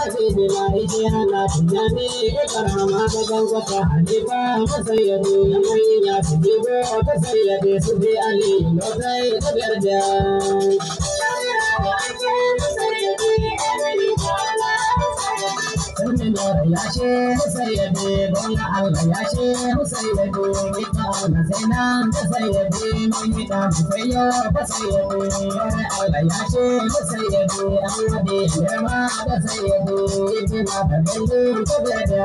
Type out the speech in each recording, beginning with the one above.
azizi na ijiya na tunani karama da gangwata halifa masayyade manya su jibo ta sayyade su bi ali lokai da ya she sai ya be bonga Allah ya she sai ya be kita Allah na, na sai ya be mai kita sai ya ba sai ya be Allah ya she sai ya be Allah be ya ma sai ya be kita ba ben da da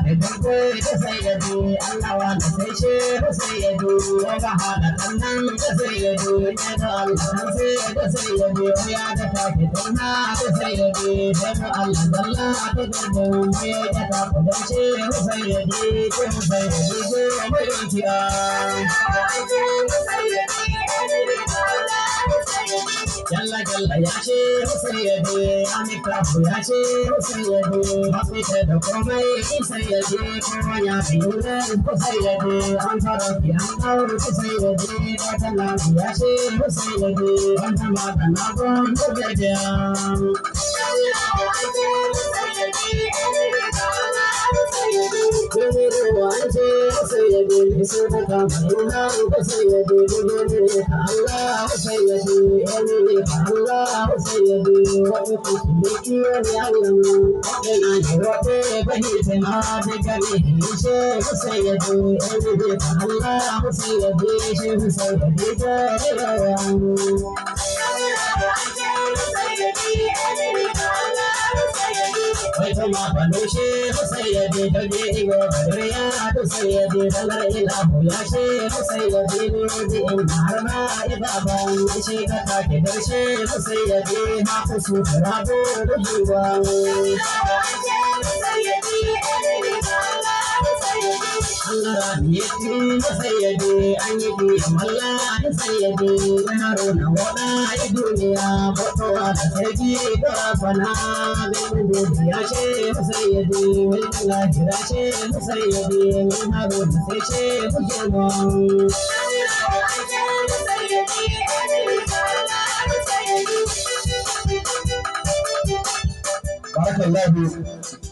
bidinko ita sai ya du Allah wa da sai she sai ya du wa ga hada kan nan da sai ya du ne da Allah sai sai ya du ya da ta ke dona da sai ya du da mu Allah dalla ta da mu ne da ta ku da she sai ya du ko sai ya du ko mai ci a sai ya చల్ల చల్ల యాశే ఉసయ్యదు అమిక భుయాశే ఉసయ్యదు అమిక దొకమై ఇసయ్యదు కోమయా బియుల ఉసయ్యదు అంతరకి అంతరు ఉసయ్యదు చల్ల యాశే ఉసయ్యదు అంతమాత నాగో ఉసయ్యదు చల్ల యాశే ఉసయ్యదు سمير وأنتي سيدي بسمتك فإنها أنت سيدي بجودك الله سيدي يمينك الله سيدي وبك بك وليعلم من أجل ربي بهيت ما بك به شيخ سيدي يمينك الله سيدي شيخ سيدي جاهل sama fanoshe musayyadi ta biyu wa kadriya ta sayyadi ta la'ila bulashe bi biyu inda har ma ita ban shi ka take darshe musayyadi ma su su rabu da jiwa. Allah yiti na sayyade an yi bi da fana ganin dubiya ce na sayyade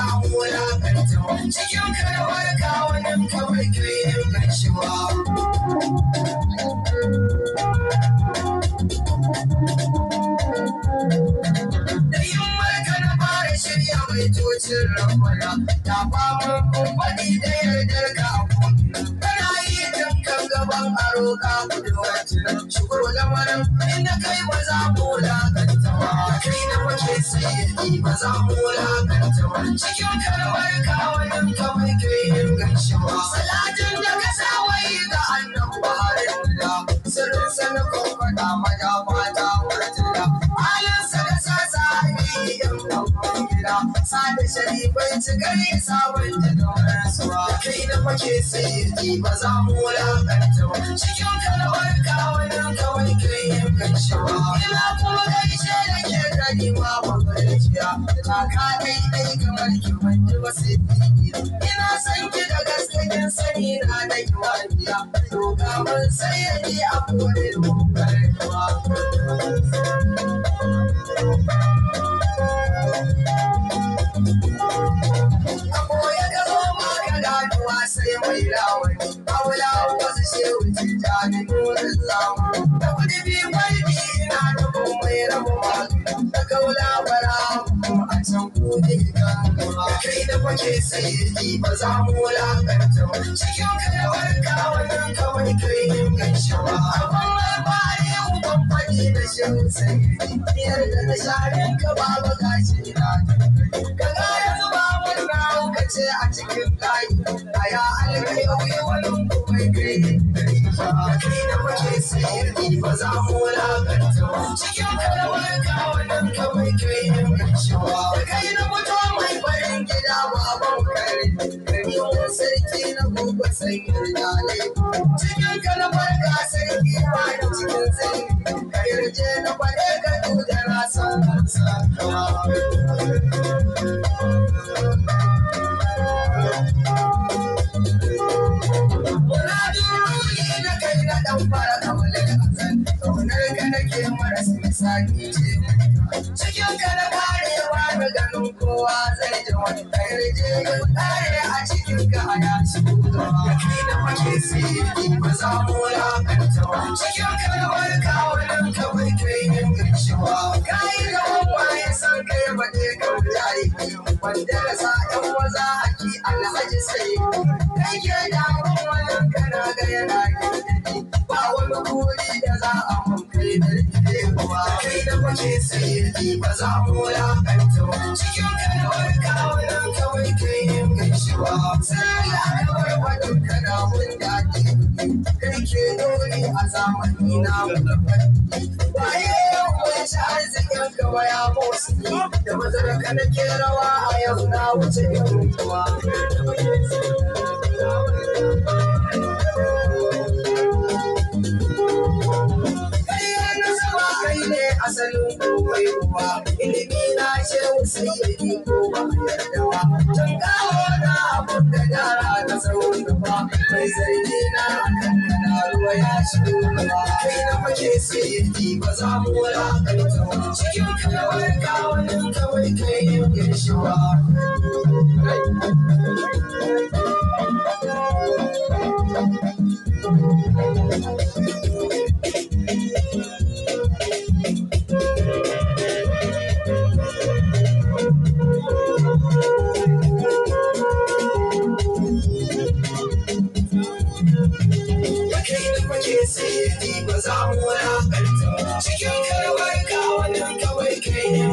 samu wulakanta cikin karwar kawanan Da yamma fara shirya mai ta faman kumfani da yardar a Kana yi tankan gaban aro ka gudu wa tunan lamarin inda kai ba za mu kai na mace sai ba za mu wulakanta ba cikin kalmar kawai nan ka mai kirin salatin da ka sa wai ga annabawa da sirrin sanin kuma da madafa sada sharifai cikar ya sabon da donar suwa kai da fake sayirki ba za mu wulakanta ba cikin kalawar kawanin kawai kai yin kanshawa ina kuma gaishe da ke gani ma ban garjiya da ka dai dai kamar ki wasu ina san ki da gaskiyan sani na da ki wadiya to ga a kore san gobe gagawa kai da kwace sayirki ba za mu lakanta ba cikin kaiwar kawanan kawai kai yin ganshawa amma ba yau ban faɗi da shan sayirki yarda da sharen ka ba ba ce a cikin kayi a ya alkai wuyewarin mai kai baki da muke sayarki ba za mu lakanta cikin kalmar kawanan kawai kai yin kashewa kai na mutu mai barin gida ba ban kare karimin sarki na gobe sanyar dale cikin kalmar ka sarki ba da cikin zai ka yarje na kwale ka dudara san kansa kowa zai ji wani ƙarje yau a cikin ka ya da mace sirri ba za mu lakanta ba cikin kalmar kawunan ka bai kai yin gaishewa kayi da wamma ya san kai ba ne kan jayi wanda da sa ɗan waza haki alhaji sai kai ke damun wannan kana ga yana yi ba wani buri da za a mun kai mu je yi ba za mu cikin kanawar kawunan kawai kai ne gaishewa sai ya kawar wa duka namun da kai ke dole a zamani na waye wace arzikin gawa ya motsi da mazaraka na ke rawa a yau na wuce irin ruwa. sanin komai uwa ilimi na shehu sayyidi ko ba yardawa can kawo na abun da yara na mai zargi na akan na ruwa ya shigo gaba kai na fage sayyidi ba za mu wulakanta ba cikin kawai kawanin kawai kai yin gaishewa.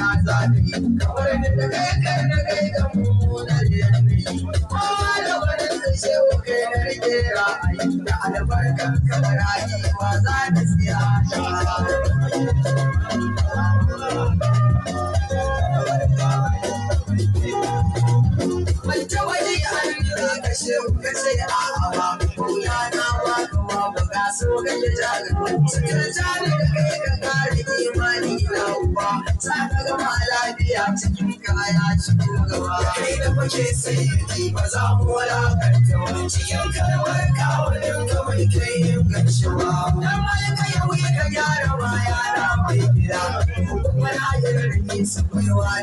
ya zafi kamar kai kai na kai da mummunar yanayi kowa wani sashe albarkar kamar rayuwa za ta siya a cikin jari da kai ka kare imani na za gama lafiya cikin kaya cikin gaba kai da kuke sirri ba za mu cikin kai ya ka gyara ma yara mai gida kuma na yi rarrabe su baiwa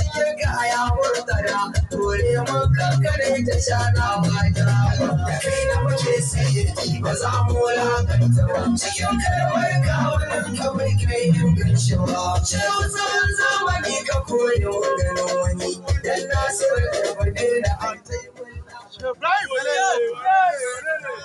cikin muka kare ta sha shana baya da kai na mace sai ba za mu lakanta ba cikin karbar kawanan kamar kai yin ganshewa ce wutsawar zamani ka koyo ganin wani dan nasu da karbar da an taimaka.